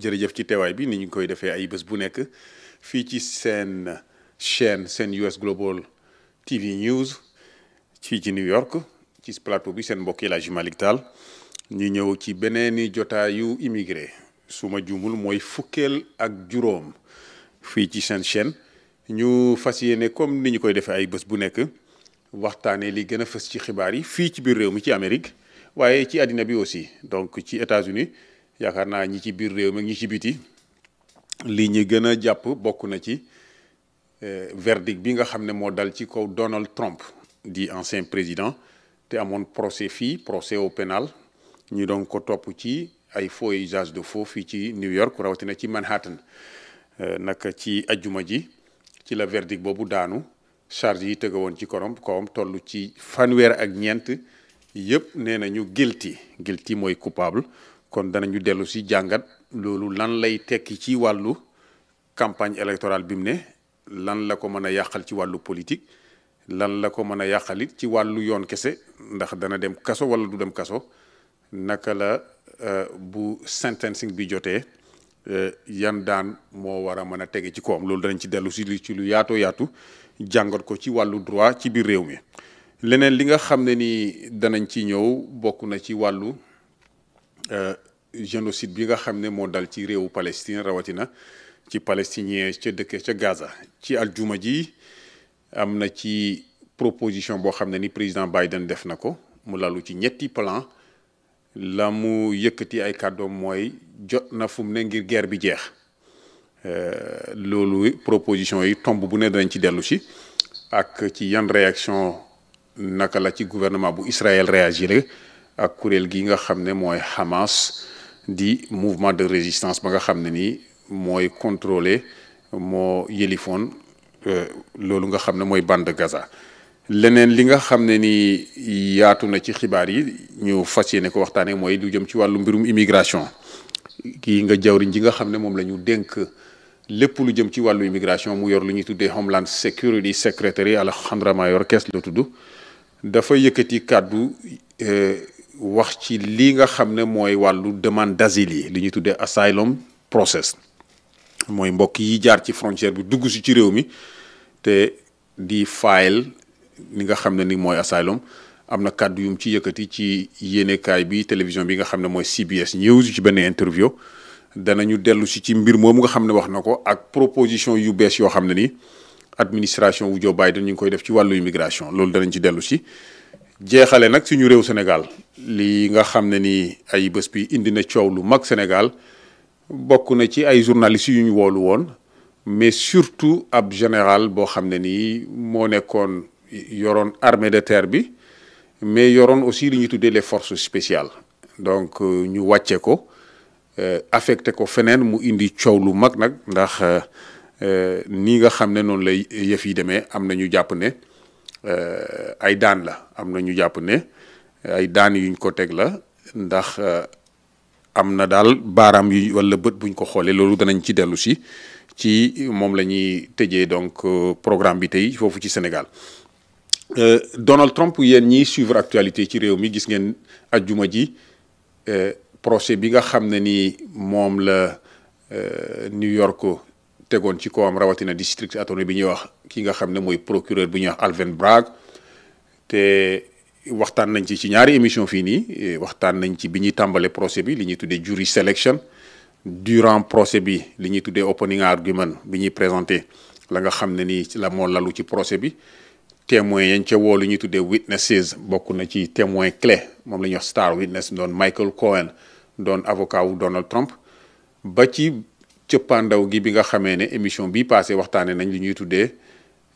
jërëjëf ci teewaay bi ni ñu koy defee ay bés bu nekk fii ci seen chaîne seen US Global TV News fii ci New York ci plateau bi seen mbokk yi El Hadji ñu ñëw ci beneeni jotaayu immigré suma jumul mooy fukkeel ak juróom fii ci seen chaîne ñu fas yéene comme ni ñu koy defee ay bés bu nekk waxtaanee li gën a fës ci xibaar yi fii ci biir réew mi ci Amérique waaye ci àddina bi aussi donc ci États-Unis yaakaar naa ñi ci biir réew mi ñi ci biti lii ñi gën a jàpp bokk na ci eh, verdict bi nga xam ne moo dal ci kaw Donald Trump di ancien président te amoon procès fii procès au pénal ñu doon ko topp ci ay faux et de faux fii ci New York rawatina ci Manhattan eh, naka ci ajjuma ji ci la verdict boobu daanu charge yi tëgg woon ci korom kawam toll ci fanweer ak ñeent yëpp nee na ñu guilty guilty mooy coupable kon danañu dellu si jàngat loolu lan lay tekki ci wàllu campagne électorale bi mu ne lan la ko mën a yàqal ci wàllu politique lan la ko mën a yàqalit ci wàllu yoon kese ndax dana dem kaso wala du dem kaso naka la euh, bu sentencing bi jotee euh, yan daan moo war a mën a tege ci koom loolu danañ ci dellusi si ci lu yaatoo yaatu jàngat ko ci wàllu droit ci biir réew mi leneen li nga xam ne nii danañ ci ñëw bokk na ci wàllu euh, génocide bi nga xam ne moo dal ci réewu Palestine rawatina ci palestinien ca dëkke ca Gaza ci aljuma ji am na ci proposition boo xam ne ni président Biden def na ko mu lalu ci ñetti plan la mu yëkkati ay kàddoom mooy jot na fum ne ngir guerre bi jeex euh, loolu proposition yi tomb bu ne dañ ci dellu si ak ci yan réaction naka la ci gouvernement bu Israël réagir ak kuréel gi nga xam ne mooy Hamas di mouvement de résistance ba nga xam ne nii mooy contrôler moo yëlifoon euh, loolu nga xam ne mooy bande Gaza leneen li nga xam ne ni yaatu na ci xibaar yi ñu fas yéene ko waxtaanee mooy lu jëm ci wàllu mbirum immigration kii nga jawriñ ji nga xam ne moom la ñu dénk lépp lu jëm ci wàllu immigration mu yor lu ñuy tuddee Homeland Security Secretary Alejandra Mayorkas la tudd dafa yëkkati kàddu. Euh, wax ci lii nga xam ne mooy wàllu demande d'asile yi li ñuy tuddee asylum process mooy mbokk yi jaar ci frontière bi dugg si ci réew mi te di file ni nga xam ne ni mooy asylum am na kàddu yum ci yëkkati ci yéenekaay bi télévision bi nga xam ne mooy CBS News ci benn interview danañu dellu si ci mbir moomu nga xam ne wax na ko ak proposition yu bees yoo xam ne ni administration wu Joe Biden ñu ngi koy def ci wàllu immigration loolu danañ ci dellu si jeexale nag suñu réew Sénégal lii nga xam ne ni ay bés bi indi na coow lu mag Sénégal bokk na ci ay journalistes yu ñu woolu woon mais surtout ab général boo xam ne nii moo nekkoon yoroon armée de terre bi mais yoroon aussi li ñuy tuddeele force spéciale donc euh, ñu wàcce ko euh, affecté ko feneen mu indi coow lu mag nag ndax euh, ni nga xam ne noonu lay yëf yi demee am na ñu jàpp ne. Euh, ay daan la am na ñu jàpp ne ay daan yuñ ko teg la ndax euh, am na daal baaraam yu wala bët buñ ko xoolee loolu danañ ci dellusi ci moom la ñuy tëjee donc euh, programme bi tey foofu ci Sénégal Donald Trump yéen ñiy suivre actualité ci réew mi gis ngeen ajjuma ji procès bi nga xam ne ni moom la New York tegoon ci kawam rawatina district attorney bi ñuy wax ki nga xam ne mooy procureur bi ñuy wax Alvin Bragg te waxtaan nañ ci ci ñaari émission fii nii waxtaan nañ ci bi ñuy tàmbale procès bi li ñuy tuddee jury selection durant procès bi li ñuy tuddee opening argument bi ñuy présenté la nga xam ne nii la moo lalu ci procès bi témoins yañ ca woo li ñuy tuddee witnesses bokku na ci témoin clé moom la ñuy wax star witness doon Michael Cohen doon avocat wu Donald Trump ba ci cëppaandaw gi bi nga xamee ne émission bii passé waxtaanee nañ li ñuy tuddee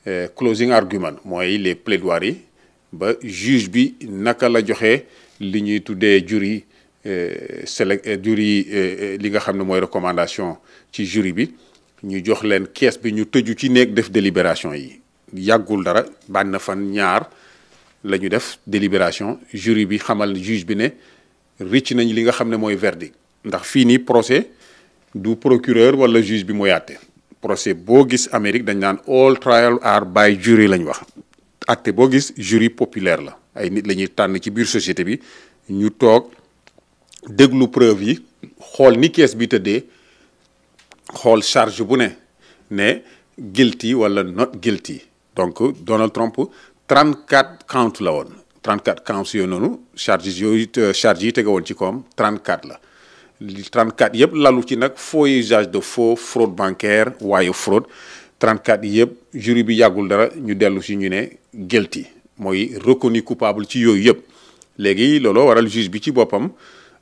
euh, closing argument mooy les plaidoiries yi ba juge bi naka la joxe li ñuy tuddee jury euh, select euh, jury li nga xam ne mooy recommandation ci jury bi ñu jox leen kees bi ñu tëju ci néeg def délibération yi yàggul dara bànn fan ñaar la ñu def délibération jury bi xamal juge bi ne ricc nañ li nga xam ne mooy verdict ndax fii nii procès du procureur wala juge bi mu yàtte procès boo gis Amérique dañ naan all trial are by jury lañ wax acte boo gis jury populaire la ay nit la ñuy tànn ci biir société bi ñu toog déglu preuve yi xool ni kees bi tëddee xool charge bu ne ne guilty wala not guilty donc Donald Trump 34 count la woon 34 counts yooyu noonu charges yooyu euh, charges yi tege woon ci koom 34 la li 34 yëpp lalu ci nag fooy usage de faux fraude bancaire waaye fraude 34 yëpp jury bi yàggul dara ñu dellu si ñu ne guilty mooy reconnu coupable ci yooyu yëpp léegi looloo waral juge bi ci boppam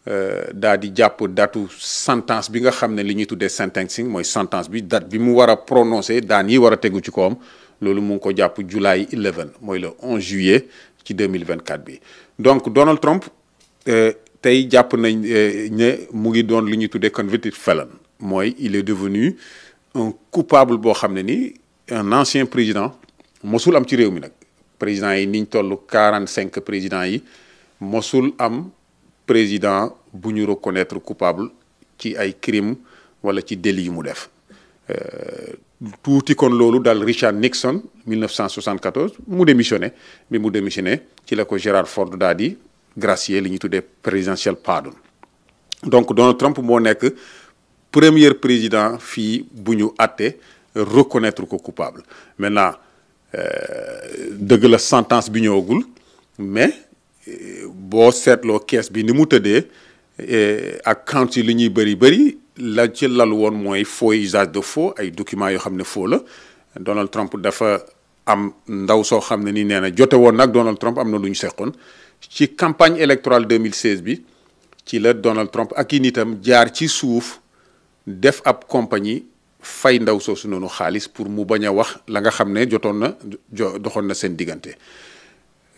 euh, daa di jàpp datu sentence bi nga xam ne li ñuy tuddee sentencing mooy sentence bi date bi mu war a prononcé daan yi war a tegu ci kawam loolu mu ngi ko jàpp July 11 mooy le 11 juillet ci 2024 bi donc Donald Trump. Euh, tey jàpp nañ euh, ne mu ngi doon lu ñuy tuddee convicted felon mooy il est devenu un coupable boo xam ne ni un ancien président mosul am ci réew mi nag président yi niñ toll quarante cinq président yi mosul am président bu ñu reconnaître coupable ci ay crimes wala ci délits yu mu def euh, tuuti kon loolu daal Richard Nixon 1974 mu démissionné bi mu démissionné ci la ko Gerald Ford daal di. gracier li ñuy tuddee présidentiel pardon donc Donald Trump moo nekk premier président fii bu ñu àtte reconnaître ko coupable maintenant euh, dëgg la sentence bi ñëwagul mais euh, boo seetloo kees bi ni mu tëddee euh, ak count li ñuy bëri bëri la ci lalu woon mooy faux usage de faux ay documents yoo xam ne faux la Donald Trump dafa am ndaw soo xam ne ni nee na jote woon nag Donald Trump am na lu ñu seqoon ci campagne électorale 2016 bi ci la Donald Trump ak i nitam jaar ci suuf def ab compagnie fay ndaw soosu noonu xaalis pour mu bañ a wax la nga xam ne jotoon na doxoon na seen diggante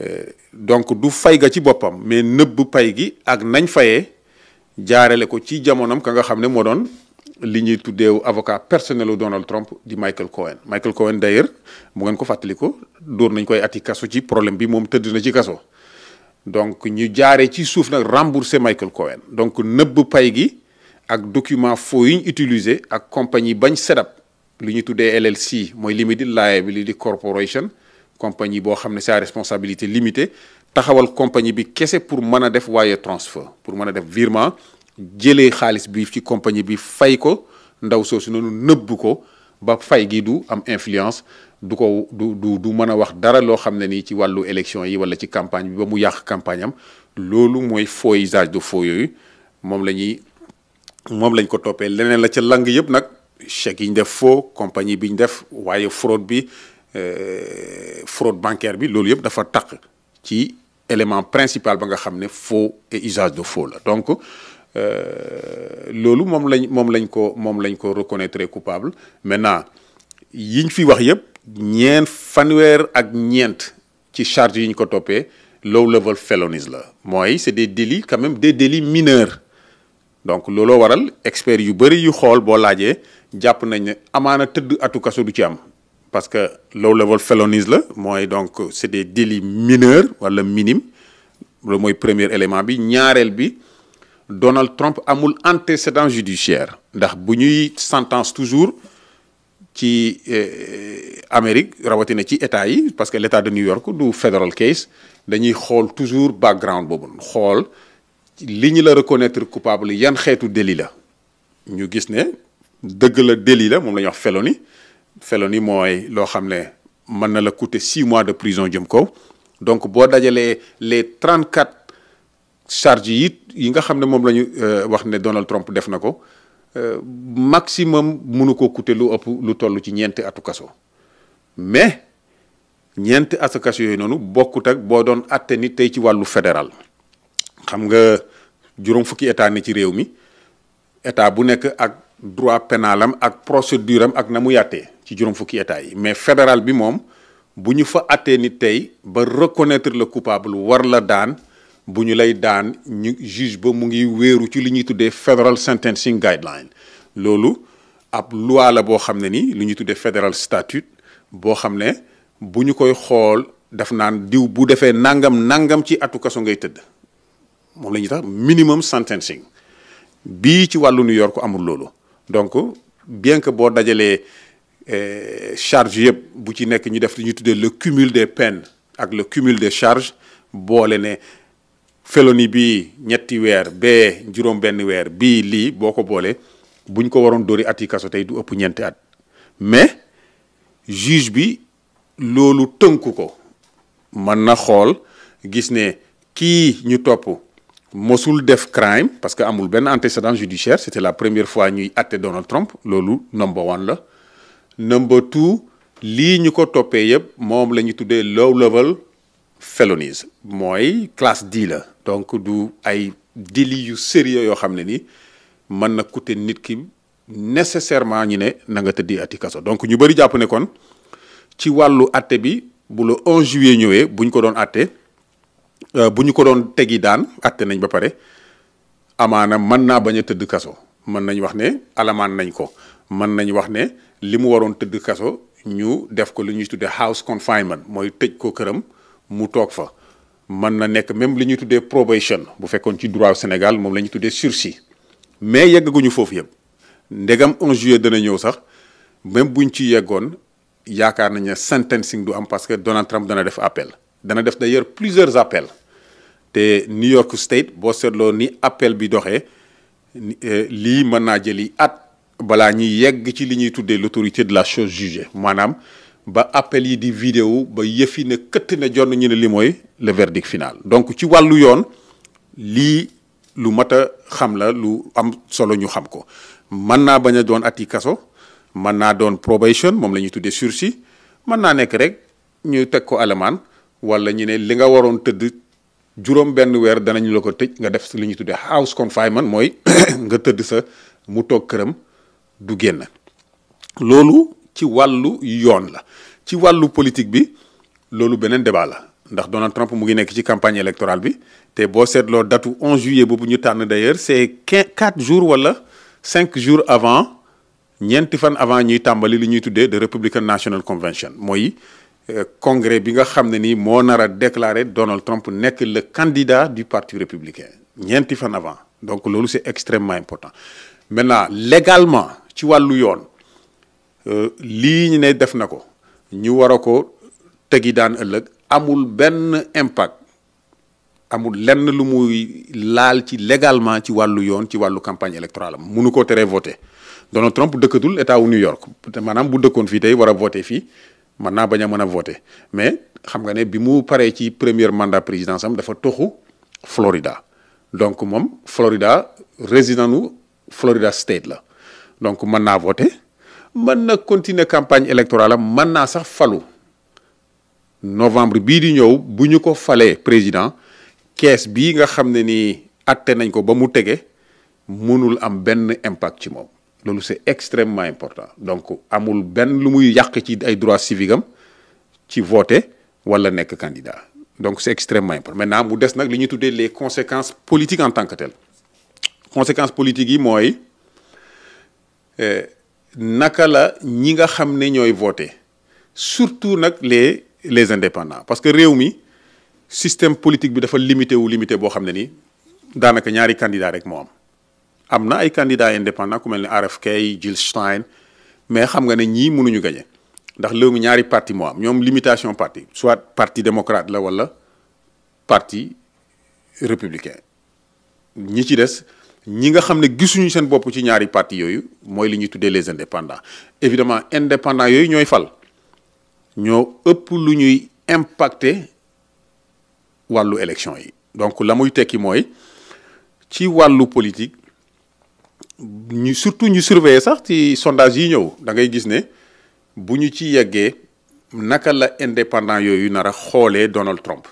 euh, donc du fay ga ci boppam mais nëbb pay gi ak nañ fayee jaarale ko ci jamonoom ka nga xam ne moo doon li ñuy tuddeew avocat personnel u Donald Trump di Michael Cohen Michael Cohen d'ailleurs mu ngeen ko fàttali ko dóor nañ koy ati kaso ci problème bi moom tëdd na ci kaso donc ñu jaaree ci suuf nag rembourser Michael Cohen donc nëbb pay gi ak document faux yi ñu utiliser ak compagnie bañ sedap li ñu tuddee LLC mooy limited liability corporation compagnie boo xam ne c'est à responsabilité limitée taxawal compagnie bi kese pour mën a def waaye transfert pour mën a def virement jëlee xaalis bi ci compagnie bi fay ko ndaw soosu noonu nëbb ko ba fay gi du am influence du ko du du du mën a wax dara loo xam ne nii ci wàllu élection yi wala ci campagne bi ba mu yàq campagne am loolu mooy fooyisage de faux yooyu moom la ñuy moom lañ ko toppee leneen la ca lang yëpp nag check yi ñu def faux compagnie bi ñu def waaye fraude bi euh, fraude bancaire bi loolu yëpp dafa taq ci élément principal ba nga xam ne faux et usage de faux la donc euh, loolu moom lañ moom lañ ko moom lañ ko reconnaître coupable maintenant yiñ fi wax yëpp ñeent fanweer ak ñeent ci charge yi ñu ko toppee low level felonies la mooy c'est des délits quand même des délits mineurs donc looloo waral experts yu bëri yu xool boo laajee jàpp nañ ne amaana tëdd atu kaso du ci am parce que low level felonies la mooy donc c'est des délits mineurs wala minime loolu mooy premier élément bi ñaareel bi Donald Trump amul antécédent judiciaire ndax bu ñuy sentence toujours ci euh, Amérique rawatina ci état yi parce que létat état de New York du federal case dañuy xool toujours background boobu xool li ñu la reconnaître coupable yan xeetu délit la ñu gis ne dëgg la délit moom lañu wax felony felony mooy loo xam ne mën na la coûter six mois de prison jëm kaw donc boo dajalee les trente quatre charges yi yi nga xam ne moom la ñu euh, wax ne Donald Trump def na ko. Euh, maximum munu ko coûter lu ëpp lu toll ci ñeenti atu kaso mais ñeenti atu kaso yooyu noonu bokkut ak boo doon atte ni tey ci wàllu fédéral xam nga juróom fukki état ni ci réew mi état bu nekk ak droit penalam ak procédure am ak na mu yàttee ci juróom fukki état yi mais fédéral bi moom bu ñu fa attee nit tey ba reconnaître la coupable war la daan bu ñu lay daan ñu juge ba mu ngi wéeru ci li ñuy tuddee federal sentencing guideline loolu ab loi boo xam ne ni lu ñuy tuddee federal statute boo xam ne bu ñu koy xool def naan diw bu defee nangam nangam ci atu kaso ngay tëdd moom la ñuy tax minimum sentencing bii ci wàllu New York amul loolu donc bien que boo dajalee eh, charge yëpp bu ci nekk ñu def lu ñuy tuddee le cumul des peines ak le cumul de charge boole ne feloni bi ñetti weer bee juróom-benn weer bii lii boo ko boolee buñ ko waroon doori ati yi kaso tey du ëpp ñeenti at mais juge bi loolu tënk ko mën na xool gis ne kii ñu topp mosul def crime parce que amul benn antécédent judiciaire c'était la première fois ñuy atte Donald Trump loolu number one la number two lii ñu ko toppee yëpp moom la ñu tuddee low level felonies mooy classe D la donc du ay délits yu sérieux yoo xam ne ni mën na coûter nit ki nécessairement ñi ne na nga tëddi ati kaso donc ñu bëri jàpp ne kon ci wàllu atte bi bu le 11 ñëwee buñ ko doon atte euh, bu ñu ko doon tegi daan atte nañ ba pare amaana mën naa bañ a tëdd kaso mën nañ wax ne alamaan nañ ko mën nañ wax ne li mu waroon tëdd kaso ñu def ko lu ñuy tuddee house confinement mooy tëj ko këram mu toog fa mën na nekk même li ñuy tuddee probation bu fekkoon ci droit Sénégal moom la ñuy tuddee sursis mais yeggaguñu foofu yëpp ndegam 11 juillet dana ñëw sax même buñ ci yeggoon yaakaar nañ ne sentencing du am parce que Donald Trump dana def appel dana def day d'ailleurs plusieurs appels te New York State boo seetloo ni appel bi doxee euh, lii mën naa jëli at balaa ñuy yegg ci li ñuy tuddee l'autorité de la chose jugée maanaam ba appel yi di vidéo ba yëfi ne këtt ne jonn ñu ne li mooy le verdict final donc ci wàllu yoon lii lu mat a xam la lu am solo ñu xam ko mën naa bañ a doon ati kaso mën naa doon probation moom la ñuy tuddee sursis mën naa nekk rek ñu teg ko alamaan walla ñu ne li nga waroon tëdd juróom benn weer danañu la ko tëj nga def li ñuy tuddee house confinement mooy nga tëdd sa mu toog këram du génn loolu ci wàllu yoon la ci wàllu politique bi loolu beneen débat la ndax Donald Trump mu ngi nekk ci campagne électorale bi te boo seetloo datu 11 juillet boobu ñu tànn d'ailleurs c'est quatre jours wala cinq jours avant ñeenti fan avant ñuy tàmbali li ñuy tuddee de Republican National Convention mooy euh, congrès bi nga xam ne nii moo nar a déclaré Donald Trump nekk le candidat du parti républicain ñeenti fan avant donc loolu c'est extrêmement important maintenant légalement ci wàllu yoon. Euh, lii ñu ne def na ko ñu war a ko tegi daan ëllëg amul benn impact amul lenn lu muy laal ci légalement ci wàllu yoon ci wàllu campagne électorale am munu ko teree voté Donald Trump dëkkatul état wu New York te maanaam bu dëkkoon fii tey war a voté fii mën naa bañ a mën a voté mais xam nga ne bi mu paree ci premier mandat président sam dafa toxu Florida donc moom Florida résident nu Florida state la donc mën naa voté mën na continuer campagne électorale am mën naa sax falu novembre bii di ñëw bu ñu ko falee président kees bii nga xam ne ni atte nañ ko ba mu tegee mënul am benn impact ci moom loolu c'est extrêmement important donc amul benn lu muy yàq ci ay droits civiques am ci voter wala nekk candidat donc c'est extrêmement important maintenant mu des nag li ñu tuddee les conséquences politiques en tant que telles conséquences politiques yi mooy. Euh, naka la ñi nga xam ne ñooy voté surtout nag les les indépendants parce que réew mi système politique bi dafa limité wu limité boo xam ne ni daanaka ñaari candidat rek moo am am na ay candidats indépendants ku mel ni ne RFK Jill Stein mais xam nga ne ñii mënuñu gañe ndax réew mi ñaari parti moo am ñoom limitation parti soit parti démocrate la walla parti républicain ñi ci des ñi nga xam ne gisuñu seen bopp ci ñaari parti yooyu mooy li ñuy tuddee les indépendants évidemment indépendants yooyu ñooy fal ñoo ëpp lu ñuy impacter wàllu élection yi donc la muy tekki mooy ci wàllu politique ñu surtout ñu surveiller sax ci sondage yi ñëw da ngay gis ne bu ñu ci yeggee naka la indépendant yooyu nar a xoolee Donald Trump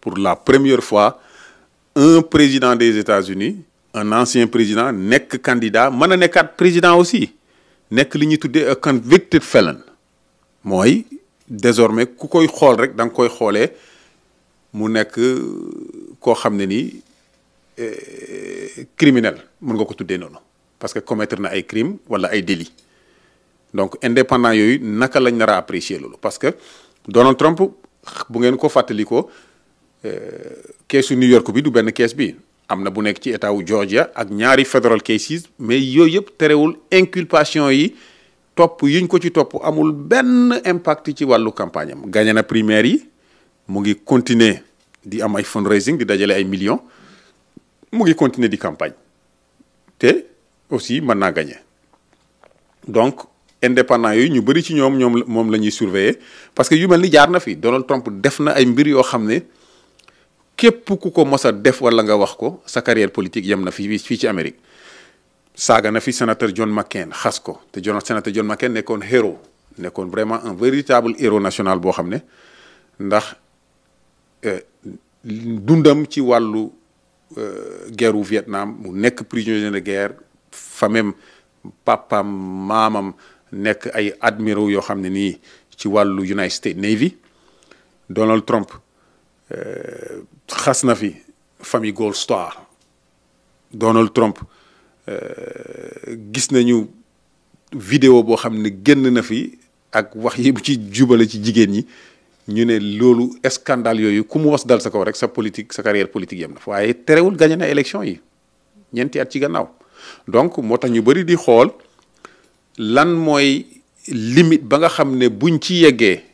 pour la première fois un président des États-Unis un ancien président nekk candidat mën a nekkaat président aussi nekk li ñuy tuddee a convicted felon mooy désormais ku koy xool rek da nga koy xoolee mu nekk euh, koo xam ne nii euh, criminel mën nga ko tuddee noonu parce que commettre na ay crime wala ay délit donc indépendant yooyu naka lañ nar a apprécier loolu parce que Donald Trump bu ngeen ko fàttali ko euh, keesu New York bi du benn kees bi am na bu nekk ci état wu Georgia ak ñaari federal cases mais yooyu yëpp terewul inculpation yi topp yiñ ko ci topp amul benn impact ci wàllu campagne am gagné na primaire yi mu ngi continuer di am ay fundraising di dajale ay millions mu ngi continuer di campagne te aussi mën naa gagné donc indépendant yooyu ñu bëri ci ñoom ñoom moom la ñuy surveiller parce que yu mel ni jaar na fi Donald Trump def na ay mbir yoo xam ne. képp ku ko mosa def wala nga wax ko sa politique yem na fii fii ci Amérique saaga na fi sénateur John McCain xas ko te John sénateur John McCain nekkoon héros nekkoon vraiment un véritable héros national boo xam ne ndax euh, dundam ci wàllu euh, guerre wu Vietnam mu nekk prisonnier de guerre fa papam maamam nekk ay admiraux yoo xam ne nii ci wàllu United States Navy Donald Trump. Euh, xas na fi famille Gold Star Donald Trump euh, gis nañu vidéo boo xam ne génn na fi ak wax yi bu ci jubale ci jigéen ñi ñu ne loolu scandale yooyu ku mu was dal sa kaw rek sa politique sa carrière politique yem na fa waaye terewul gañe na élection yi ñeenti at ci gannaaw donc moo tax ñu bari di xool lan mooy limite ba nga xam ne buñ ci yeggee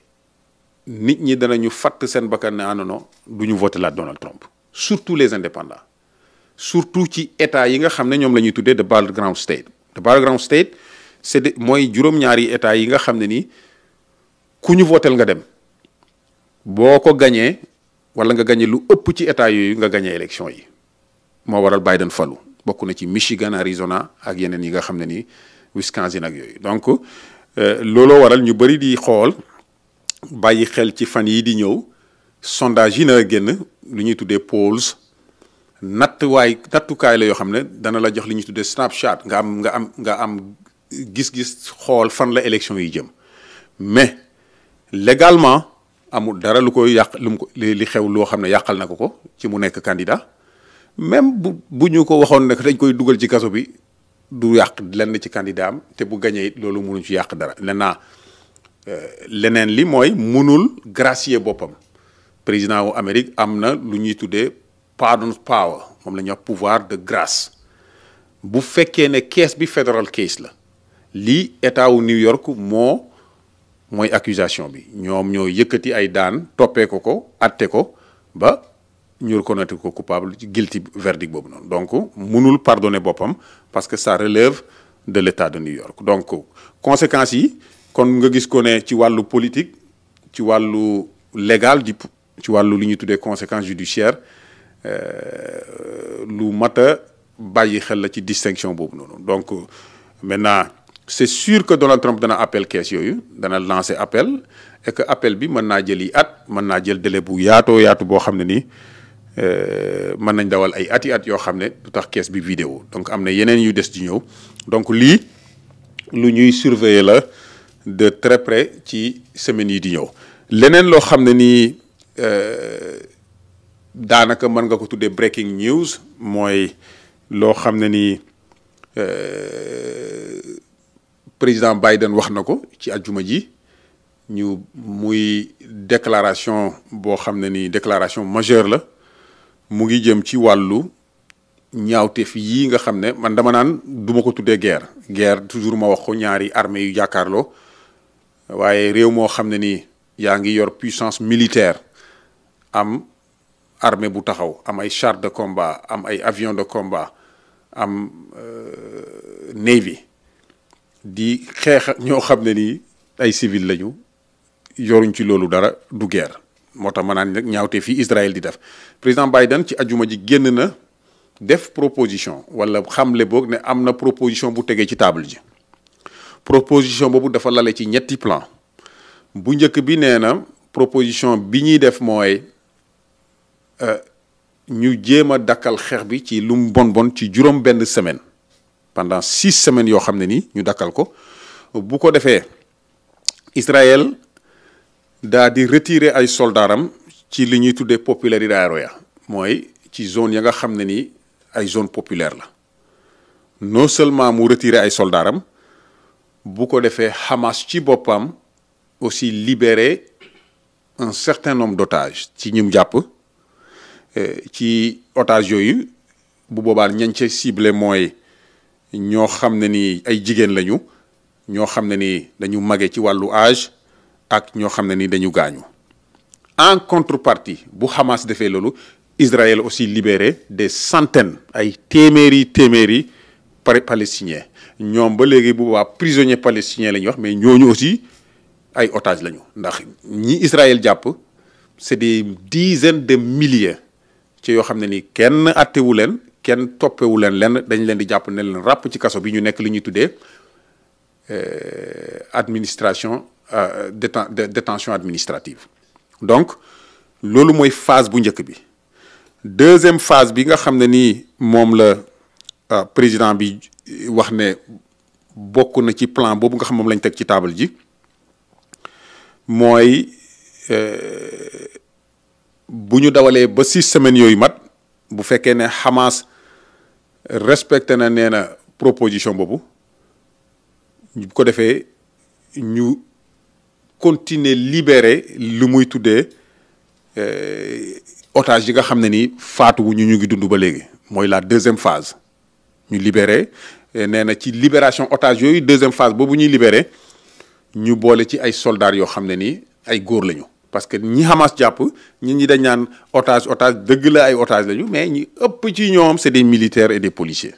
nit ñi ñu fatt seen bakkan ne ah non du ñu voté la Donald Trump surtout les indépendants surtout ci état yi nga xam ne ñoom la ñuy tuddee the battleground state the battleground state c'est de mooy juróom-ñaari état yi nga xam ne nii ku ñu votel nga dem boo ko gañee wala nga gañe lu ëpp ci état yooyu nga gañee élection yi moo waral Biden falu bokk na ci Michigan Arizona ak yeneen yi nga xam ne nii Wisconsin ak yooyu donc euh, looloo waral ñu bëri di xool. bàyyi xel ci fan yi di ñëw sondage yi na génn lu ñuy tuddee natt waay nattukaay la yoo xam ne dana la jox li ñuy tuddee snapshot nga am nga am nga am gis-gis xool fan la élection yi jëm mais légalement amul dara lu koy yàq lu mu ko li xew loo xam ne yàqal na ko ko ci mu nekk candidat même bu bu ñu ko waxoon nag dañ koy dugal ci kaso bi du yàq lenn ci candidat am te bu gañee it loolu mënuñ ci yàq dara lenn Euh, leneen li mooy munul gracier boppam président wu Amérique am na lu ñuy tuddee pardon power moom la ñuy wax pouvoir de grâce bu fekkee ne kees bi federal case la lii état wu New York moo mooy accusation bi ñoom ñoo yëkkati ay daan toppee ko ko atte ko ba ñu reconnaître ko coupable ci guilty verdict boobu noonu donc munul pardonner boppam parce que ça relève de l'État de New York donc conséquences yi kon nga gis ko ne ci wàllu politique ci wàllu légal di ci wàllu lu ñuy tuddee conséquences judiciaires euh, lu mat a bàyyi xel la ci distinction boobu noonu donc maintenant c'est sûr que Donald Trump dana appel kees yooyu dana lancer appel et que appel bi mën naa jël yi at mën naa jël délai bu yaatoo yaatu boo xam ne nii euh, mën nañ dawal ay ati at yoo xam ne du tax kees bi vidéo donc am na yeneen yu des di ñëw donc lii lu ñuy surveiller de très près ci semaines yi di ñëw leneen loo xam ne nii euh, daanaka mën nga ko tuddee breaking news mooy loo xam ne nii euh, président Biden wax na ko ci àjjuma ji ñu muy déclaration boo xam ne nii déclaration majeure la mu ngi jëm ci wàllu ñaawteef yii nga xam ne man dama naan duma ko tuddee guerre guerre toujours ma wax ko ñaari armée yu jàkkaarloo waaye réew moo xam ne nii yaa ngi yor puissance militaire am armée bu taxaw am ay chars de combat am ay avions de combat am euh, navy di xeex ñoo xam ne nii ay civil lañu yoruñ ci loolu dara du guerre moo tax ma naan nag ñaawte fii Israël di def président Biden ci ajuma ji génn na def proposition wala xamle boog ne am na proposition bu tegee ci table ji proposition boobu dafa lale ci ñetti plan bu njëkk bi nee na proposition bi ñuy def mooy euh, ñu jéem a dakkal xeex bi ci lu mu bon bon ci juróom benn semaine pendant six semaines yoo xam ne nii ñu dakkal ko bu ko defee Israël daa di retirer ay soldaaram ci li ñuy tuddee populaire yi ya mooy ci zone ya nga xam ne nii ay zone populaire la non seulement mu retirer ay soldaaram bu ko defee Hamas ci boppam aussi libéré un certain nombre dotage ci ñim jàpp euh, ci otages yooyu bu boobaa ñañ ca ciblé mooy ñoo xam ne ni ay jigéen lañu ñoo xam ne ni dañu mage ci wàllu âge ak ñoo xam ne ni dañu gaañu en contrepartie bu Hamas defee loolu Israël aussi libéré des centaines ay téeméeri téeméeri palestiniens ñoom ba léegi bu boobaa prisonnier palestinien la ñuy wax mais ñooñu aussi ay otage lañu ndax ñi Israël jàpp c'est des dizaines de milliers ci yoo xam ne ni kenn attewu leen kenn toppewu leen lenn dañ leen di jàpp ne leen ràpp ci kaso bi ñu nekk li ñuy tuddee euh, administration euh, déten détention administrative donc loolu mooy phase bu njëkk bi deuxième phase bi nga xam ne nii moom la Euh, président bi wax ne bokk na ci plan boobu nga xam moom lañ teg ci taabal ji mooy euh, bu ñu dawalee ba six semaines yooyu mat bu fekkee ne Hamas respecté na nee na proposition boobu ko defee ñu continuer libérer lu muy tuddee euh, otage yi nga xam ne ni faatuwu ñu ñu ngi dund ba léegi mooy la deuxième phase ñu libéré nee na ci libération otage yooyu deuxième phase boobu ñuy libéré ñu boole ci ay soldats yoo xam ne nii ay góor lañu. parce que ñi Hamas jàpp ñi ñi dañ naan otage otage dëgg la ay otage lañu mais ñi ëpp ci ñoom c'est des militaires et des policiers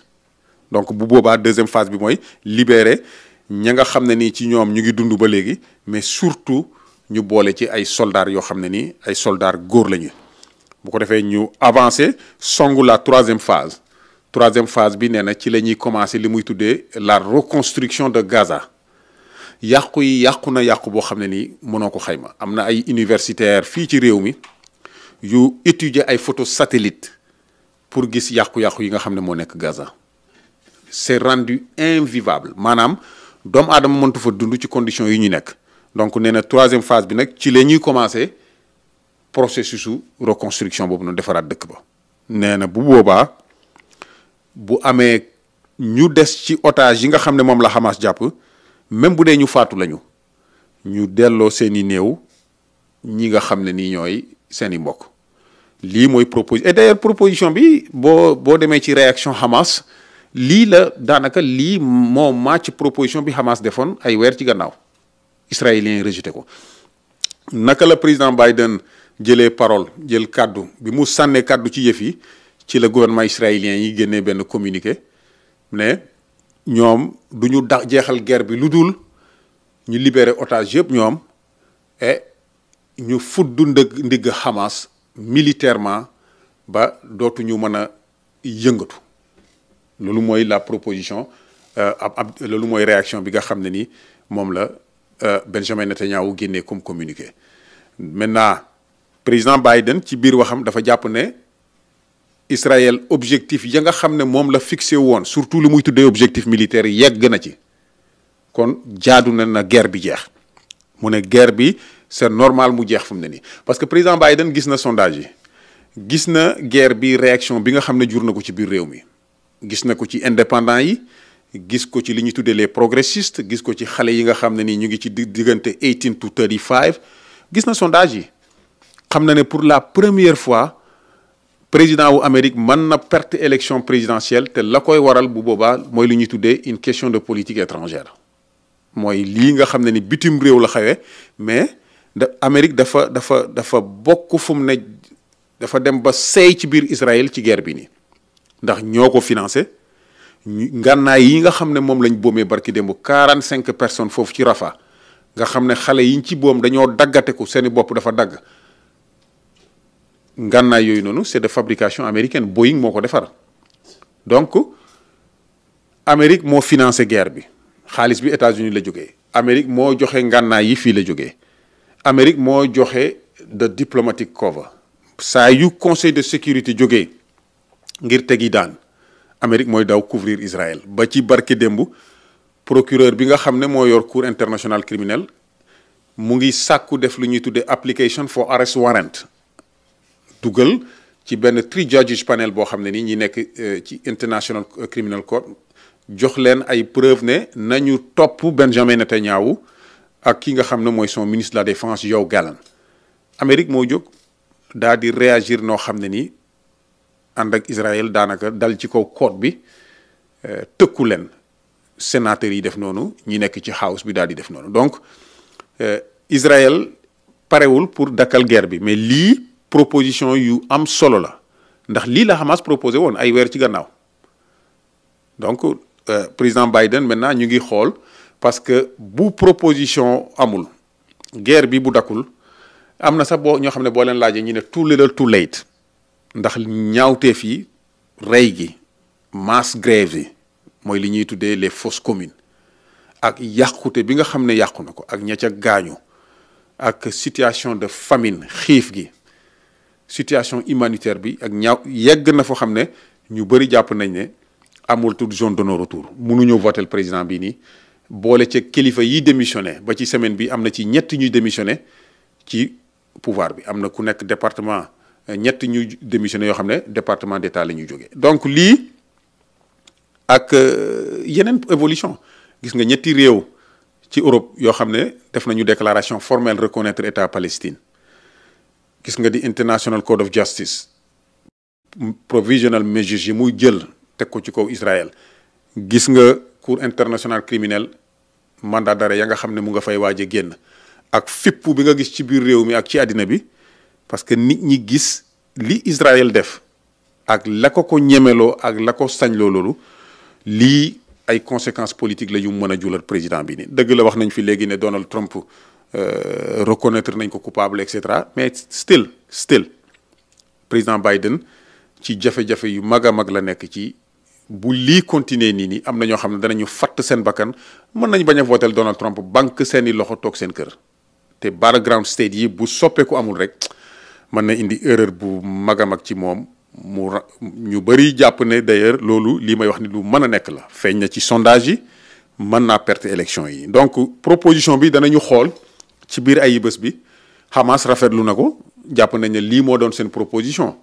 donc bu boobaa deuxième phase bi mooy libérer ña nga xam ne nii ci ñoom ñu ngi dund ba léegi mais surtout ñu boole ci ay soldats yoo xam ne nii ay soldats góor lañu bu ko defee ñu avancer songu la troisième phase. troisième phase bi nee na ci la ñuy commencé li muy tuddee la reconstruction de Gaza yàqu yi yàqu na yàqu boo xam ne nii mënoo ko xayma am na ay universitaire fii ci réew mi yu étudier ay photo satellite pour gis yàqu-yàqu yi nga xam ne moo nekk Gaza c'est rendu invivable maanaam doomu aadama mëntu fa dund ci conditions yi ñuy nekk donc nee na troisième phase bi nag ci la ñuy commencé processus su reconstruction boobu noonu defaraat dëkk ba nee na bu boobaa bu amee ñu des ci otage yi nga xam ne moom la Hamas jàpp même bu dee ñu faatu lañu ñu delloo seen i néew ñi nga xam ne nii ñooy seen i mbokk lii mooy proposition bi boo boo demee ci réaction Hamas lii la daanaka lii moo màcc proposition bi Hamas defoon ay weer ci gannaaw israélien rejeté ko naka la président Biden jëlee parole jël kàddu bi mu sànnee kàddu ci yëf yi ci la gouvernement israélien yi génnee benn communiqué ne ñoom du ñu da jeexal guerre bi lu dul ñu libéré otage yëpp ñoom e ñu fuddu ndëgg ndigg Hamas militairement ba dootu ñu mën a yëngatu loolu mooy la proposition euh, ab ab loolu mooy réaction bi nga xam ne ni moom la euh, Benjamin Netanyahu génnee comme communiqué maintenant président Biden ci biir waxam dafa jàpp ne Israël objectif ya nga xam ne moom la fixé woon surtout lu muy tuddee objectif militaire yi yegg na ci kon jaadu na na guerre bi jeex mu ne guerre bi c'est normal mu jeex fu ne nii parce que président Biden gis na sondage yi gis na guerre bi réaction bi nga xam ne jur na ko ci biir réew mi gis na ko ci indépendant yi gis ko ci li ñu tuddee les progressistes gis ko ci xale yi nga xam ne nii ñu ngi ci diggante 18 to 35 gis na sondage yi xam na ne pour la première fois président wu Amérique mën na perte élection présidentielle te la koy waral bu booba mooy lu ñuy tuddee une question de politique étrangère mooy lii nga xam ne ni bitim réew la xewee mais da amerique dafa dafa dafa bokk fu mu ne dafa dem ba seey ci biir Israël ci guerre bi nii ndax ñoo ko financé ngànnaay yi nga xam ne moom lañ boomee barki démb 45 personnes foofu ci Rafa nga xam ne xale yiñ ci boom dañoo daggate ko seeni bopp dafa dagg. ngànnaay yooyu noonu c'est de fabrication américaine Boeing moo ko defar donc Amérique moo financé guerre bi xaalis bi États-Unis la jógee Amérique moo joxe ngànnaay yi fii la jógee Amérique moo joxe de diplomatic cover saa yu conseil de sécurité jóge ngir tegi daan Amérique mooy daw couvrir Israël ba ci barke démb procureur bi nga xam ne moo yor cour internationale criminelle mu ngi sàkku def lu ñuy tuddee application for arrest warrant dugal ci benn three judges panel boo xam ne nii ñi nekk euh, ci international criminal court jox leen ay preuve ne nañu topp Benjamin Netanyahu ak ki nga xam ne mooy son ministre de la défense Yoav Gallant Amérique moo jog daa di réagir noo xam ne ni ànd ak Israël daanaka dal ci kaw court bi euh, tëkku leen sénateurs yi def noonu ñi nekk ci house bi daal di def noonu donc euh, Israël parewul pour dakkal guerre bi mais lii proposition yu am solo la ndax lii la Hamas proposé woon ay weer ci gannaaw donc euh, président Biden maintenant ñu ngi xool parce que bu proposition amul guerre bi bu dakul am na sax boo ñoo xam ne boo leen laajee ñu ne too little too late ndax ñaawteef yi rey gi mass grave yi mooy li ñuy tuddee les fosses communes ak yàqute bi nga xam ne yàqu na ko ak ña ca gaañu ak situation de famine xiif gi situation humanitaire bi ak ñaaw yegg na foo xam ne ñu bëri jàpp nañ ne amul tout zone de non retour mënuñu votel président bi nii boole ce kilifa yi démissionné ba ci semaine bi am na ci ñett ñuy démissionné ci pouvoir bi am na ku nekk département ñett ñuy démissionné yoo xam ne département d'état la ñuy jógee donc lii ak euh, yeneen évolution gis nga ñetti réew ci Europe yoo xam ne def nañu déclaration formelle reconnaître état Palestine gis nga di international code of justice provisional measures yi muy jël teg ko ci kaw Israël gis nga cour internationale criminelle mandat d'arrêt ya nga xam ne mu nga fay waaje génn ak fippu bi nga gis ci biir réew mi ak ci àddina bi parce que nit ñi gis li Israël def ak la ko ko ñemeloo ak la ko sañloo loolu lii ay conséquences politiques la yu mën a julal président bi ni dëgg la wax nañ fi léegi ne Donald Trump Euh, reconnaître nañ ko coupable et cetera mais still still président Biden ci jafe-jafe yu mag a mag la nekk ci bu lii continuer nii nii am na ñoo xam ne danañu fatt seen bakkan mën nañ bañ a votel Donald Trump banque seeni loxo toog seen kër te battleground state yi bu soppeeku amul rek mën na indi erreur bu mag a mag ci moom mu ñu bëri jàpp ne d'ailleurs loolu lii may wax ni lu mën a nekk la feeñ na ci sondage yi mën naa perte élection yi donc proposition bi danañu xool ci biir ay ayibés bi Hamas rafetlu na ko jàpp nañ ne lii moo doon seen proposition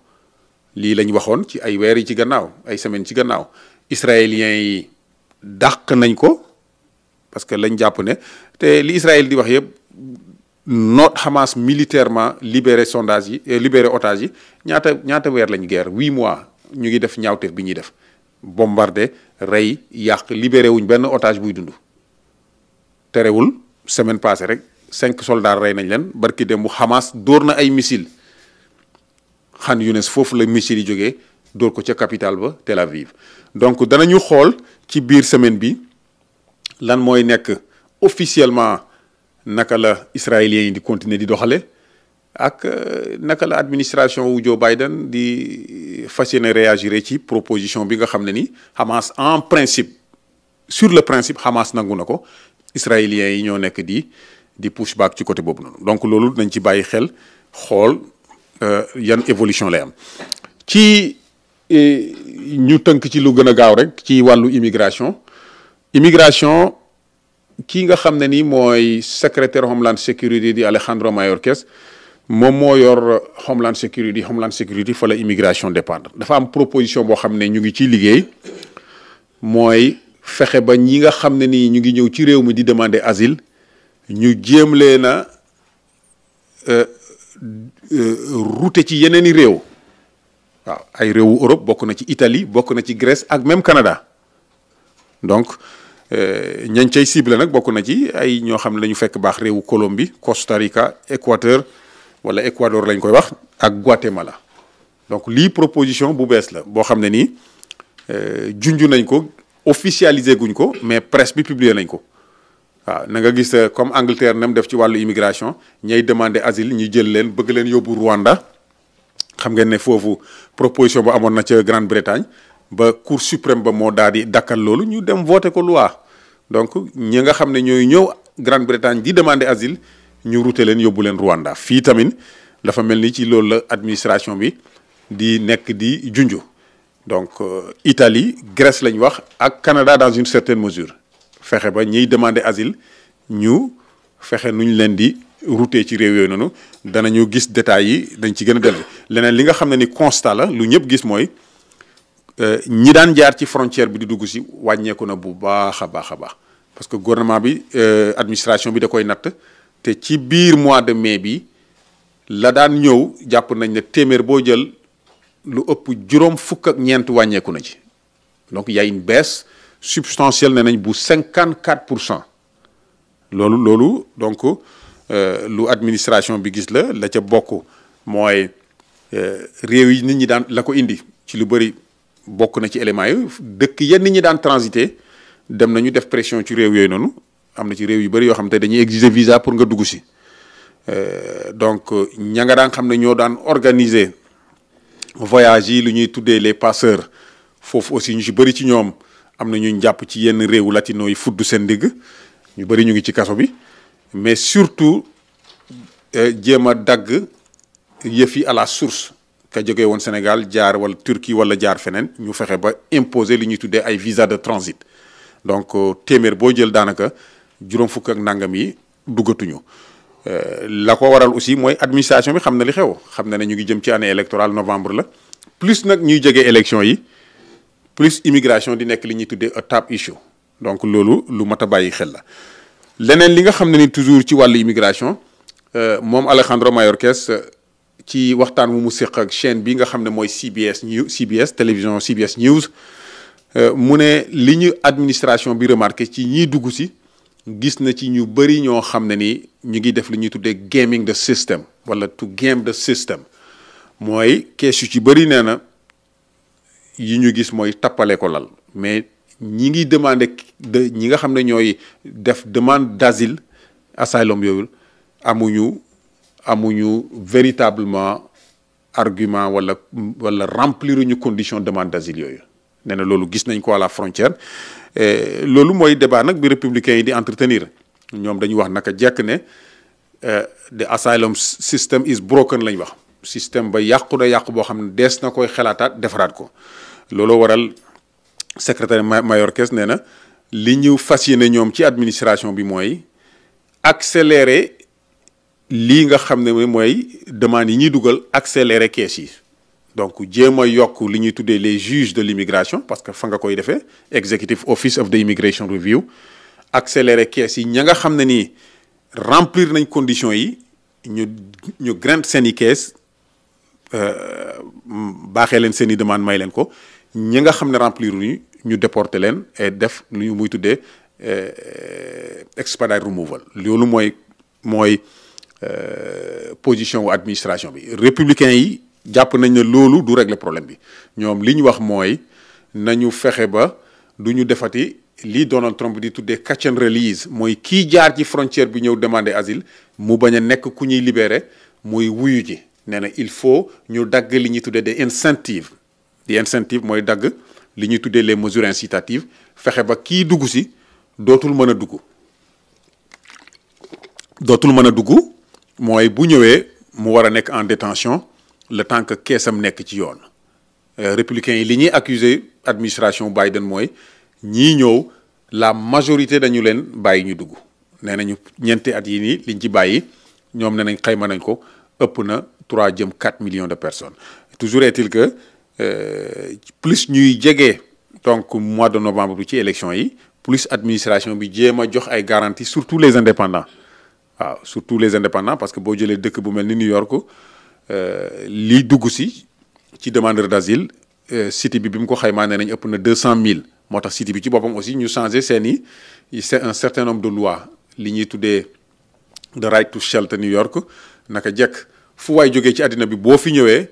lii lañ waxoon ci ay weer yi ci gannaaw ay semaine ci gannaaw israéliens yi dàq nañ ko parce que lañ jàpp ne te li Israël di wax yëpp noot Hamas militairement libéré sondage yi euh, libéré otage yi ñaata ñaata weer lañ guerre huit mois ñu ngi def ñaawteef bi ñuy def bombardé rey yàq libéré wuñ benn otage buy dund terewul semaine passée rek cinq soldats rey nañ leen barki dem bu Hamas dóor na ay missile Khan Younes foofu la missile yi jógee dóor ko ca capital ba Tel Aviv donc danañu xool ci biir semaine bi lan mooy nekk officiellement naka la israéliens yi di continuer di doxale ak euh, naka la administration wu Joe Biden di fas yéene réagir ci proposition bi nga xam ne ni Hamas en principe sur le principe Hamas nangu na ko israéliens yi ñoo nekk di di push back ci côté boobu noonu donc loolu nañ ci bàyyi xel xool euh, yan évolution lay am ci euh, ñu tënk ci lu gën a gaaw rek ci wàllu immigration immigration kii nga xam ne ni mooy secrétaire homeland security di Alejandro Mayorkas moom moo yor homeland security homeland security fa la immigration dépendre dafa am proposition boo xam ne ñu ngi ciy liggéey mooy fexe ba ñi nga xam ne ni ñu ngi ñëw ci réew mi di demander asile ñu jéem leen a euh, euh, route ci yeneeni réew waaw ay réewu Europe bokk na ci Italie bokk na ci Grèce ak même Canada donc euh, ñañ cay cible nag bokk na ci ay ñoo xam ne dañu fekk baax réewu Colombie Costa Rica Équateur wala Équador lañ koy wax ak Guatemala donc lii proposition bu bees la boo xam ne nii junj nañ ko officialisé guñ ko mais presse bi publier nañ ko. waaw na nga gis euh, comme Angleterre nam def ci wàllu immigration ñay demander asile ñu jël leen bëgg leen yóbbu Rwanda xam ngeen ne foofu proposition bu amoon na ca Grande-Bretagne ba Cour suprême ba moo daal di dakkal loolu ñu dem voté ko loi donc ñi nga xam ne ñooy ñëw Grande-Bretagne di demander asile ñu rute leen yóbbu leen Rwanda fii tamit dafa mel ni ci loolu la administration bi di nekk di junju donc euh, Italie Grèce lañ wax ak Canada dans une certaine mesure fexe ba ñiy demander asile ñu fexe nu ñu leen di routé ci réew yooyu noonu danañu gis détails yi dañ ci gën a dellu leneen li nga xam ne ni constat la lu ñëpp gis mooy euh, ñi daan jaar ci frontière bi di dugg si wàññeeku na bu baax a baax a baax parce que gouvernement bi euh, administration bi da koy natt te ci biir mois de mai bi la daan ñëw jàpp nañ ne téeméer boo jël lu ëpp juróom fukk ak ñeent wàññeeku na ci donc y a substantielle ne nañ bu 54 pour cent loolu loolu donc euh, lu administration bi gis la la ca bokk mooy euh, réew yi nit ñi daan la indi ci lu bëri bokk na ci éléments yi dëkk yenn nit ñi daan transité dem nañu def pression ci réew yooyu noonu am na ci réew yu bëri yoo xam te dañuy exiger visa pour nga dugg si euh, donc ña daan xam ne ñoo daan organiser voyage yi lu ñuy tuddee les passeurs foofu aussi ñu ci bëri ci ñoom am na ñu jàpp ci yenn réewu latino yi fudd seen ndigg ñu bëri ñu ngi ci kaso bi mais surtout eh, jéem a dagg yëf yi à la source ka jógee woon Sénégal jaar wala Turquie wala jaar feneen ñu fexe ba imposer li ñuy tuddee ay visa de transit donc euh, téeméer boo jël daanaka juróom fukk ak nangam yi duggatuñu euh, la ko waral aussi mooy administration bi xam na li xew xam na ne ñu ngi jëm ci année électorale novembre la plus nag ñuy jege élection yi. plus immigration di nekk li ñuy tuddee a top issue donc loolu lu mat a bàyyi xel la leneen li nga xam ne ni toujours ci wàllu immigration euh, moom Alejandro Mayorkas euh, ci waxtaan wu mu séq ak chaîne bi nga xam ne mooy CBS News CBS télévision CBS News euh, mu ne li ñu administration bi remarqué ci ñiy dugg si gis na ci ñu bëri ñoo xam ne ni ñu ngi def li ñuy tuddee gaming the system wala to game the system mooy kees yu ci bëri nee na yi ñu gis mooy tappale ko lal mais ñi ngi demandé de ñi nga xam ne ñooy def demande d'asile asylum yooyu amuñu amuñu véritablement argument wala wala remplir ñu condition demande d'asile yooyu nee na loolu gis nañ ko à la frontière loolu mooy débat nag bi républicain yi di entretenir ñoom dañu wax naka jekk ne euh, the asylum system is broken lañ wax système ba yàqu na yàqu boo xam ne des na koy xalaataat defaraat ko looloo waral secrétaire Mayorkas nee na li ñu fas yéene ñoom ci administration bi mooy accélérer lii nga xam ne mooy demande yi ñuy dugal accélérer kees yi donc jéem a yokk li ñuy tuddee les juges de l'immigration parce que fa nga koy defee executive office of the immigration review accélérer kees yi ña nga xam ne ni remplir nañ conditions yi ñu ñu grind seen i kees euh, baaxee leen seen i demande may leen ko ñi nga xam ne remplir ñu ñu déporter leen e def lu ñu muy tuddee euh, expedite removal loolu mooy mooy euh, position wu administration bi républicain yi jàpp nañ ne loolu du régler problème bi ñoom li ñu wax mooy nañu fexe ba du ñu defati lii Donald Trump di tuddee catch and release mooy kii jaar ci frontière bi ñëw demander asile mu bañ a nekk ku ñuy libéré muy wuyu ji nee na il faut ñu dagg li ñuy tuddee des incentives di incentive mooy dagg li ñuy tuddee les mesures incitatives fexe ba kii dugg si dootul mën a dugg dootul mën a dugg mooy bu ñëwee mu war a nekk en détention le temps que keesam nekk ci yoon euh, républicains yi li ñuy accuser administration Biden mooy ñii ñëw la majorité dañu leen bàyyi ñu dugg nee nañu ñeenti at yi nii liñ ci bàyyi ñoom ne nañ xayma nañ ko ëpp na trois jëm 4 million de personnes toujours est-il que Euh, plus ñuy jege donc mois de novembre bi ci élection yi plus administration bi jéem a jox ay garanties surtout les indépendants waaw surtout les indépendants parce que boo jëlee dëkk bu mel ni New York euh, lii dugg si ci demandeur d'asile euh, cité bi bi mu ko xaymaa nee nañ ëpp na deux cent mille moo tax cité bi ci boppam aussi ñu changé seen i c'est un certain nombre de lois li ñuy tuddee the right to shelter New York naka jekk fu waay jógee ci àddina bi boo fi ñëwee.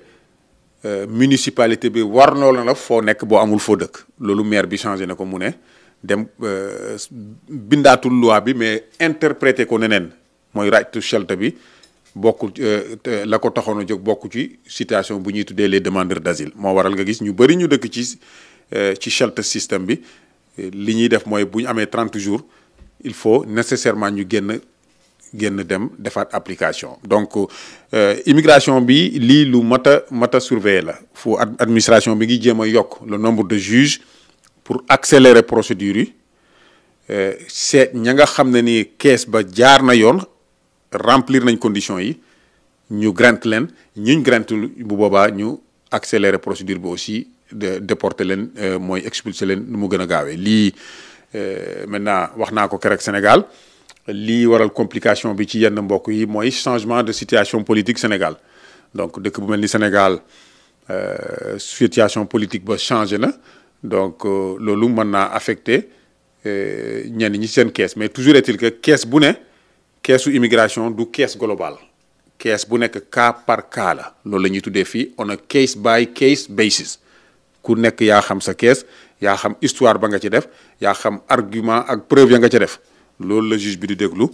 Euh, municipalité bi war na la foo nekk boo amul foo dëkk loolu maire bi changé na ko mu ne dem euh, bindaatul loi bi mais interprété ko neneen mooy right to shelter bi bokku euh, la ko taxoon a jóg bokku ci situation bu ñuy tuddee les demandeurs d'asile moo waral nga gis ñu bëri ñu dëkk ci ci shelter système bi li ñuy def mooy bu ñu amee 30 jours il faut nécessairement ñu génn. génn dem defaat application donc euh, immigration bi lii lu mat a mat a surveiller la fu administration bi ngi jéem yokk le nombre de juges pour accélérer procédure yi euh, seet ña nga xam ne ni kees ba jaar na yoon remplir nañ conditions yi ñu grant leen ñuñ grantul bu boobaa ñu accélérer procédure bi aussi de déporter leen euh, mooy expulser leen nu mu gën a gaawee lii maintenant wax naa ko keroog Sénégal lii waral complication bi ci yenn mbokk yi mooy changement de situation politique Sénégal donc dëkk bu mel ni Sénégal euh, situation politique ba changé na donc euh, loolu mën naa affecté euh, ñenn ñi seen kees mais toujours est-il que kees bu ne keesu immigration du kees global kees bu nekk cas par cas la loolu la ñuy tuddee fii on a case by case basis ku nekk yaa xam sa kees yaa xam histoire ba nga ci def yaa xam argument ak preuve ya nga ci def loolu la juge bi di déglu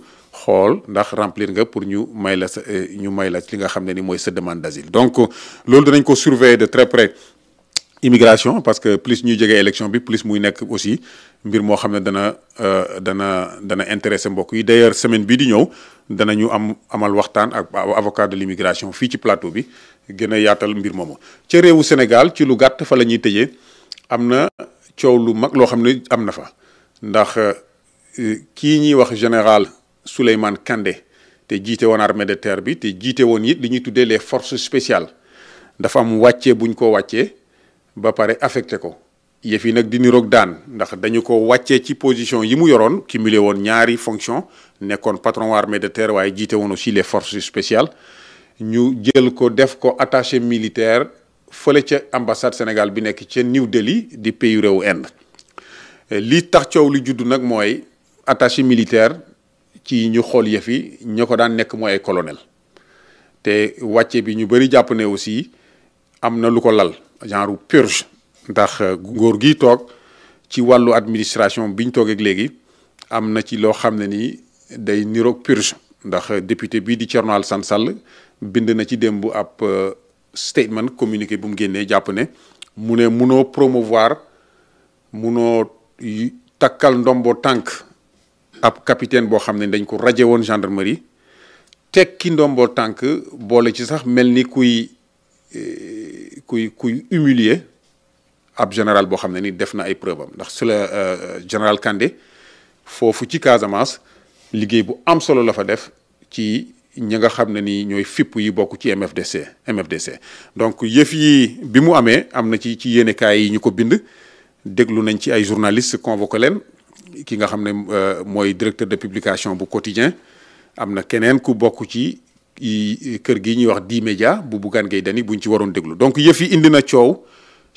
xool ndax remplir nga pour ñu may la sa euh, ñu may la li nga xam ne ni mooy sa demande d'asile donc loolu dinañ ko surveiller de très près immigration parce que plus ñuy jege élection bi plus muy nekk aussi mbir moo xam ne dana euh, dana dana intéressé mbokk yi d'ailleurs semaine bii di ñëw danañu am amal waxtaan ak avocat de l'immigration fii ci plateau bi gën a yaatal mbir moomu. ca réewu Sénégal ci lu gàtt fa la ñuy tëjee am na coow lu mag loo xam ne am na fa ndax. Euh, kii ñuy wax général Souleymane kande te jiite woon armée de terre bi te jiite woon it li ñuy tuddee les force spéciale dafa am wàccee buñ ko wàccee ba pare affecté ko yëf yi nag di niroog daan ndax dañu ko wàccee ci position yi mu yoroon cumulé woon ñaari fonction nekkoon patron armée de terre waaye jiite woon aussi les forces ñu jël ko def ko attaché militaire fële ca ambassade Sénégal bi nekk ca New Delhi di pays réewu Inde euh, li tax coow li juddu nag mooy attaché militaire ci ñu xool yëf ñoo ko daan nekk mu ay colonel te wàcce bi ñu bëri jàpp ne aussi am na lu ko lal genre purge ndax ngóor gi toog ci wàllu administration bi ñu toogeeg léegi am na ci loo xam ne nii day niroog purge ndax député bii di Thierno san Sall bind na ci démb ab euh, statement communiqué bu mu génnee jàpp ne mu ne munoo promouvoir munoo takkal ndombo tànk ab capitaine boo xam ne dañ ko raje woon gendarmerie tekki ndombo tànk boole ci sax mel ni kuy eh, kuy kuy humilier ab général boo xam ne ni def na ay preuve am ndax su la euh, général Kandé foofu ci Casamance liggéey bu am solo la fa def ci ñi nga xam ne ni ñooy fipp yi bokk ci MFDC MFDC donc yëf yi bi mu amee am na ci ci yéenekaay yi ñu ko bind déglu nañ ci ay journalistes convoqué leen ki nga xam ne euh, mooy directeur de publication bu quotidien am na keneen ku bokk ci kër gi ñuy wax di média bu Bougane Gueye Dany buñ ci waroon déglu donc yëf yi indi na coow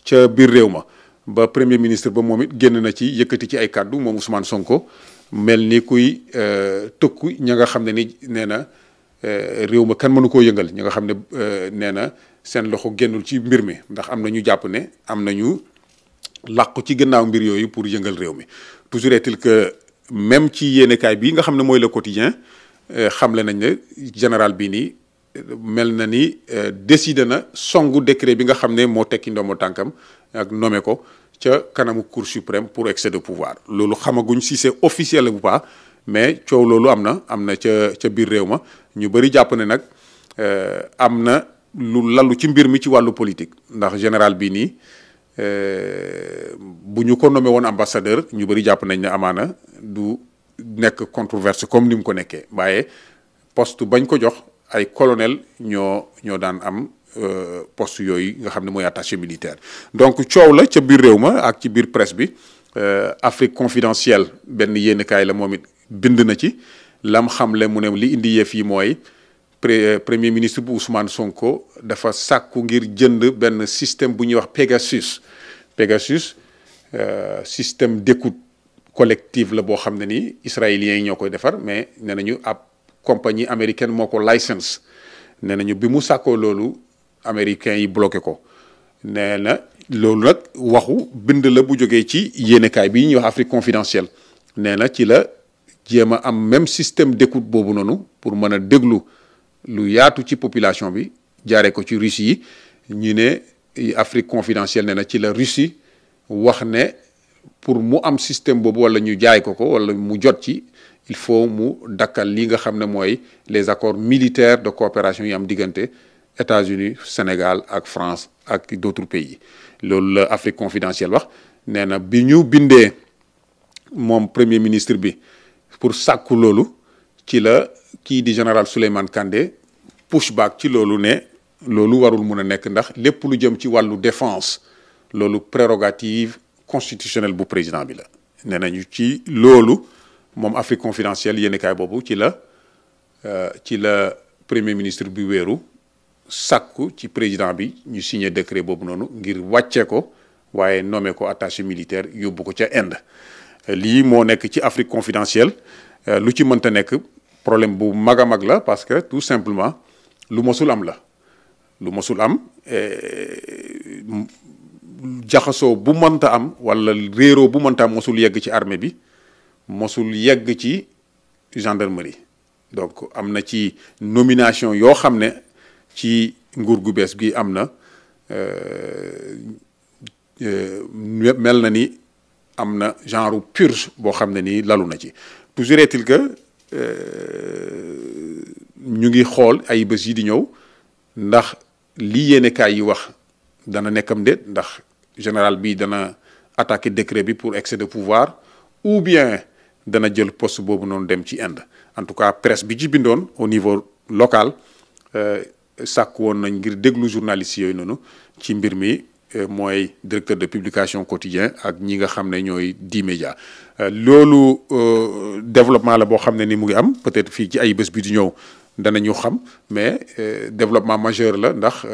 ca biir réew ma ba premier ministre ba moom it génn na ci yëkkati ci ay kàddu moom Ousmane Sonko mel ni kuy euh, tëkku ña nga xam ne ni nee na euh, réew ma kan mënu koo yëngal ñi nga xam ne nee na seen loxo génnul ci mbir mi ndax am na ñu jàpp ne am na ñu làqu ci gannaaw mbir yooyu pour yëngal réew mi toujours est-il que même ci yéenekaay bii nga xam ne mooy le quotidien euh, xamle nañ ne général bii nii euh, mel na ni euh, décidé na songu décret bi nga xam ne moo tekki ndomo tànkam ak nommé ko ca kanamu cour suprême pour excès de pouvoir loolu xamaguñ si c'est officiel ou pas mais coow loolu am na am na ca ca biir réew ma ñu bëri jàpp ne nag am na lu lalu ci mbir mi ci wàllu politique ndax général bii nii Euh, bu ñu ko nommé woon ambassadeur ñu bëri jàpp nañ ne amaana du nekk controverse comme ni ko nekkee waaye poste bañ ko jox ay colonel ñoo ñoo daan am euh, post yooyu nga xam ne mooy attaché militaire donc coow la ca biir réew ma ak ci biir presse bi euh, Afrique confidentielle benn yéenekaay la moom it bind na ci lam xam le mu ne li indi yëf yi mooy Eh, premier ministre bu Ousmane Sonko dafa sàkku ngir jënd benn système bu ñuy wax Pegasus Pegasus euh, système d'écoute collective la boo xam ne ni israéliens yi ñoo koy defar mais nee nañu ab compagnie américaine moo ko license nee nañu bi mu sàkkoo loolu américains yi bloqué ko nee na loolu nag waxu bind la bu jógee ci yéenekaay bi ñuy wax Afrique confidentielle nee na ci la jéem a am même système d'écoute boobu noonu pour mën a déglu lu yaatu ci population bi jaaree ko ci Russie yi ñu ne Afrique confidentielle ne na ci la Russie wax ne pour mu am système boobu wala ñu jaay ko ko wala mu jot ci il faut mu dakkal li nga xam ne mooy les accords militaires de coopération yi am diggante États-Unis Sénégal ak France ak d'autres pays loolu la Afrique confidentielle wax nee na bi ñu bindee moom premier ministre bi pour sàkku loolu ci la. kii di général Souleymane Kandé pushback ci loolu ne loolu warul mun a nekk ndax lépp lu jëm ci wàllu défense loolu prérogative constitutionnelle bu président bi la. nee nañu ci loolu moom Afrique confidentielle yéenekaay boobu ci la euh, ci la premier ministre bi wéeru sàkku ci président bi ñu signé décret boobu noonu ngir wàcce ko waaye nommé ko attaché militaire yóbbu ko ca Inde lii moo nekk ci Afrique confidentielle euh, lu ci mënta nekk. problème bu mag a mag la parce que tout simplement lu mosul am la lu mosul am eh, jaxasoo bu mënta am wala réeroo bu mënta am mosul yegg ci armée bi mosul yegg ci gendarmerie donc am na ci nomination yoo xam ne ci nguur gu bees gi am na euh, euh, mel na ni am na genre purge boo xam ne nii lalu na ci toujours est-il que Euh, ñu ngi xool ay bés yi di ñëw ndax li yéenekaay yi wax dana nekkam déet ndax général bi dana attaqué décret bi pour excès de pouvoir ou bien dana jël post boobu noonu dem ci Inde en tout cas presse bi ci bindoon au niveau local euh, sàkk woon nañ ngir déglu journaliste yooyu noonu ci mbir mi Euh, mooy directeur de publication quotidien ak ñi nga xam ne ñooy di média euh, loolu euh, développement la boo xam ne ni mu ngi am peut-être fii ci ay bés bi di ñëw danañu xam mais développement majeur la ndax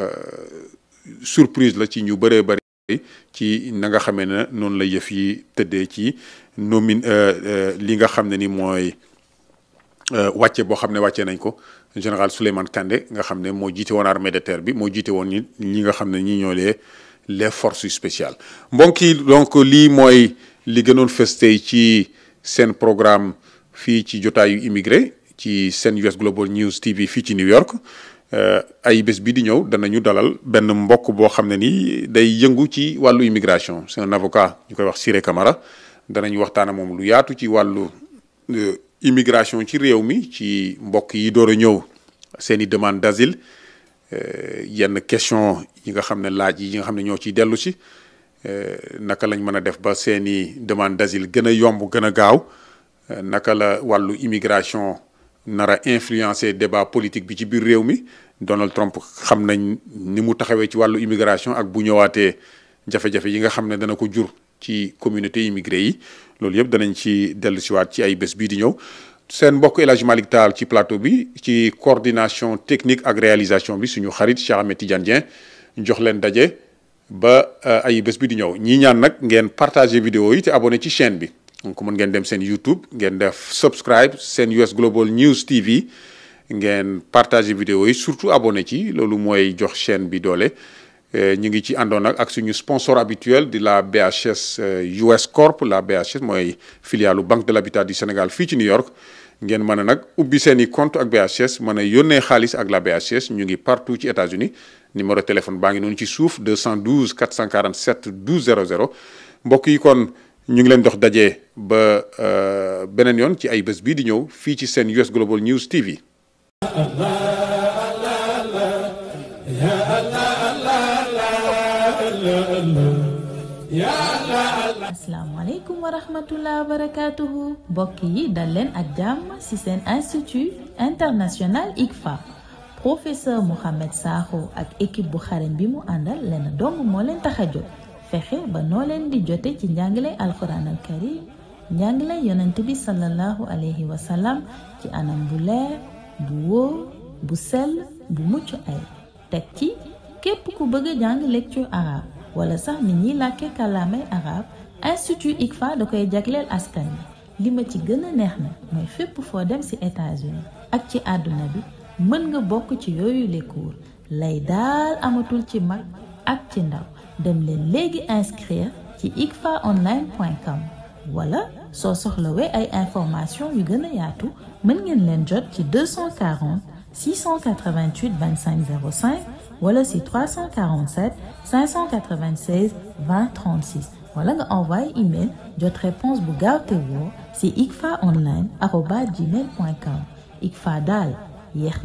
surprise la ci ñu bëree bëri ci na nga xamee ne noonu la yëf yi tëddee ci nomine li nga xam ne ni mooy wàcce boo xam ne wàcce nañ ko général Souleymane Kandé nga xam ne moo jiite woon armée de terre bi moo jiite woon ñi ñi nga xam ne ñi ñoo les forces spéciales mbokk yi donc lii mooy li gënoon fës ci seen programme fii ci jotaayu immigré ci seen US Global News TV fii ci New York euh, ay bés bi di ñëw danañu dalal benn mbokk boo xam ne ni day yëngu ci wàllu immigration c'est avocat ñu koy wax Siré Camara danañu waxtaana moom lu yaatu ci wàllu euh, immigration ci réew mi ci mbokk yi door a ñëw seen i demande d'asile Euh, yenn question yi nga xam ne laaj yi nga xam ne ñoo ciy dellu si euh, naka lañ mën a def ba seeni demande d'asile gën a yomb gën a gaaw euh, naka la wàllu immigration nar a influencer débat politique bi ci biir réew mi Donald Trump xam nañ ni mu taxawee ci wàllu immigration ak bu ñëwaatee jafe-jafe yi nga xam ne dana ko jur ci communauté immigré yi loolu yëpp danañ ci dellu siwaat ci ay bés bii di ñëw seen mbokk El Hadj Malick ci plateau bi ci coordination technique ak réalisation bi suñu xarit Cheikh Ahmed Tidiane Dieng jox leen daje ba euh, ay bés bi di ñëw ñi ñaan nag ngeen partager vidéo yi te abonné ci chaîne bi donc mën ngeen dem seen YouTube ngeen def subscribe seen US Global News TV ngeen partager vidéo yi surtout abonné ci loolu mooy jox chaîne bi doole euh, ñu ngi ci àndoon nag ak suñu sponsor habituel di la BHS US euh, Corp la BHS mooy filialu Banque de l'Habitat du Sénégal fii ci New York ngeen mën a nag ubbi seen i compte ak BHS mën a yónnee xaalis ak la BHS ñu ngi partout ci États-Unis numéro téléphone baa ngi noonu ci suuf 212 447 12 00 mbokk yi kon ñu ngi leen dox daje ba euh, beneen yoon ci ay bés bii di ñëw fii ci seen US Global News TV. Allah asalaamaaleykum wa rahmatullah wa mbokk yi dal leen ak jàmm ci seen institut international ICFA professeur Mouhamed Sakho ak ékip bu xarañ bi mu àndal leen dong moo leen tax a jóg fexe ba noo leen di jote ci njàngale alquran al karim njàngale yonent bi sallallahu alayhi wa ci anam bu leer bu wóor bu sell bu mucc ay teg ci képp ku bëgg a jàng lecture arabe wala sax nit ñiy làkke kàllaamay arab institut ICFA da koy jagleel askan bi li ma ci gën a neex na mooy fépp foo dem ci États-Unis ak ci àdduna bi mën nga bokk ci yooyu les cours lay daal amatul ci mag ak ci ndaw dem leen léegi inscrire ci icfaonline.com wala soo soxlawee ay information yu gën a yaatu mën ngeen leen jot ci 240 688 25 05 wala si 347 596 20 36 wala nga envoyé email jot réponse bu gaaw te woo si ikfa online arobas gmail point com ikfa daal yéex